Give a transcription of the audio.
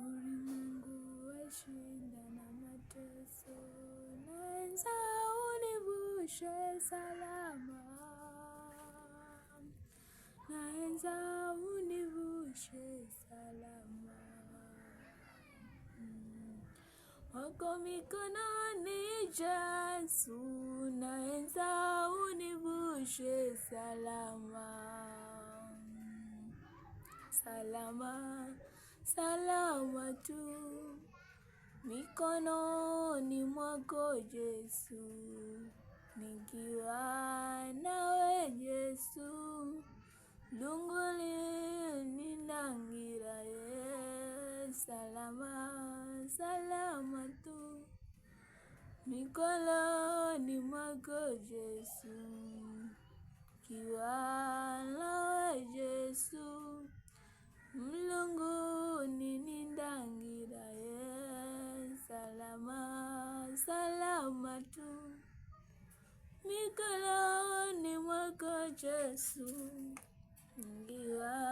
Ulimwengu washinda na mateso, naenza univushe salama, naenza univushe salama, wako mikononi Yesu, naenza univushe salama, salama salama tu mikononi mwako Yesu, nikiwa nawe Yesu, lungu ye eh. salama salama tu mikononi mwako Yesu, kiwa nawe Yesu mla salama tu mikononi mwako Yesu ngiwa